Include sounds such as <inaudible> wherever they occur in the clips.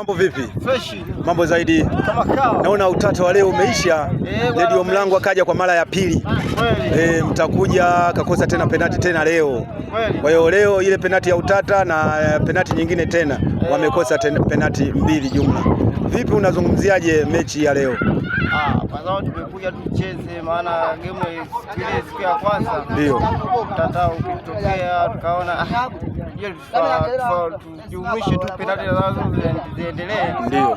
Mambo vipi? Freshi. Mambo zaidi. Naona utata wa leo umeisha. Redio eh, Mlango akaja kwa mara ya pili. E, mtakuja akakosa tena penati tena leo. Kwa hiyo leo ile penati ya utata na eh, penati nyingine tena wamekosa tena penati mbili jumla. Vipi, unazungumziaje mechi ya leo? Kwanza ah, tumekuja tucheze, maana game ile siku ya kwanza ndio tata ukitokea, tukaona ah, tujumuishe tu penalti nazo ziendelee, ndio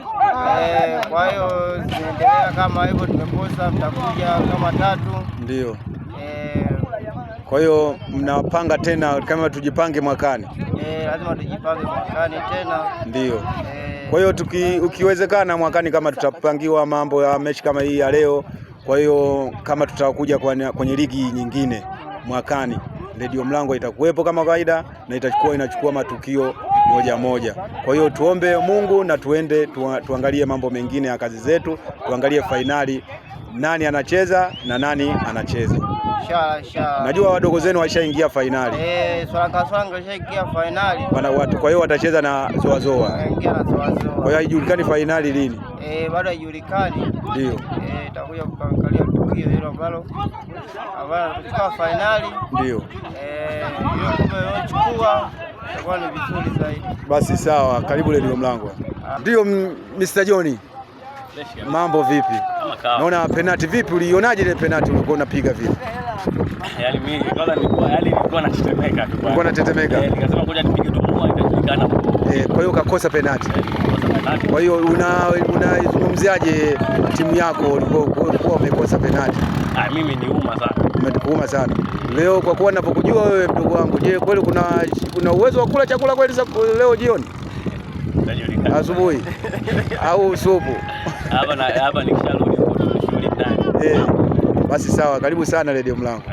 eh. Kwa hiyo zinaendelea kama hivyo, tumekosa mtakuja kama tatu ndio kwa hiyo mnapanga tena kama tujipange mwakani? E, lazima tujipange mwakani tena. Ndio. E, kwa hiyo ukiwezekana mwakani kama tutapangiwa mambo ya mechi kama hii ya leo, kwa hiyo kama tutakuja kwenye, kwenye ligi nyingine mwakani Redio Mlango itakuwepo kama kawaida na itachukua inachukua matukio moja moja. Kwa hiyo tuombe Mungu na tuende tuangalie mambo mengine ya kazi zetu, tuangalie fainali nani anacheza na nani anacheza inshallah, shala. Najua wadogo zenu washaingia fainali. Eh, swanga swanga washaingia fainali. Wana watu kwa hiyo watacheza na zoa zoa. Waingia na zoa zoa. Kwa hiyo haijulikani fainali lini? Eh, bado haijulikani. Ndio. Eh, takuja kuangalia tukio hilo ambalo ambalo katika finali. Ndio. Eh, hiyo kumbe yochukua itakuwa ni vizuri zaidi. Basi sawa, karibu leni leo mlango. Ndio Mr. John. Mambo vipi? Naona penalty vipi, ulionaje ile penalty ulikuwa unapiga vipi? Yaani mimi yaani natetemeka eh, eh, kwa hiyo ukakosa penati. Eh, kwa hiyo una unaizungumziaje timu yako ulikuwa umekosa penati? Ah, mimi ni uma sana. Umetukuuma sana. Leo kwa kuwa ninapokujua wewe mdogo wangu, je, kweli kuna kuna uwezo wa kula chakula kweli leo jioni? Asubuhi <laughs> au supu? Hapa hapa nikishalo basi sawa, karibu sana redio Mlango.